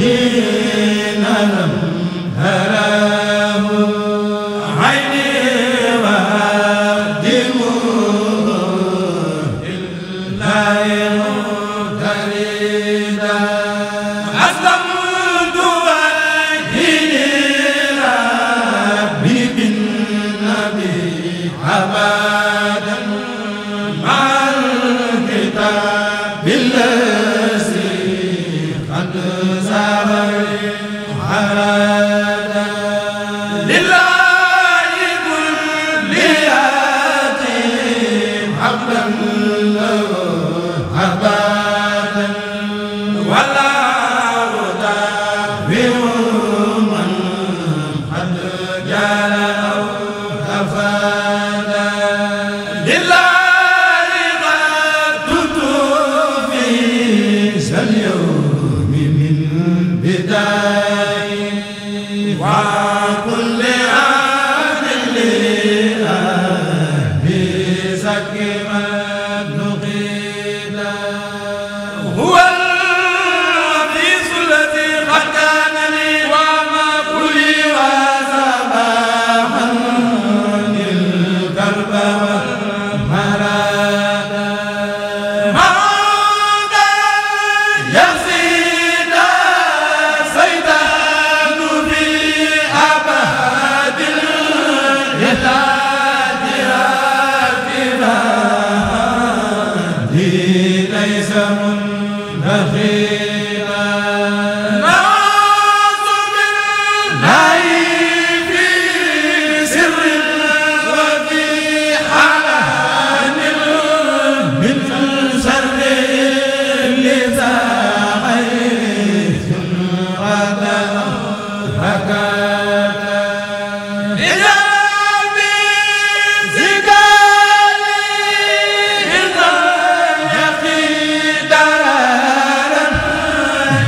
Amin lillah ليس منتخب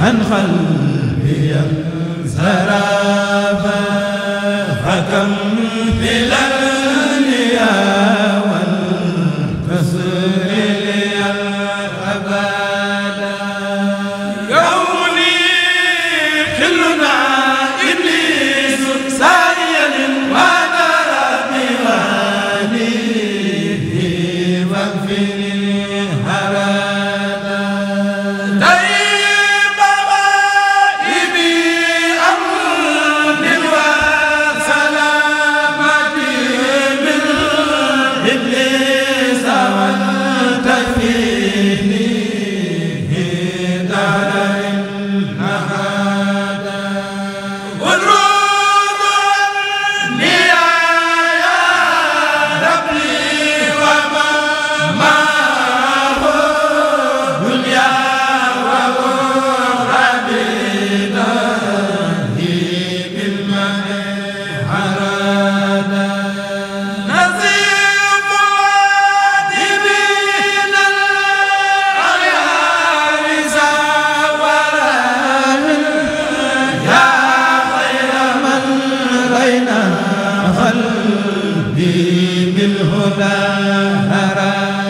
an dahara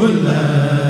wala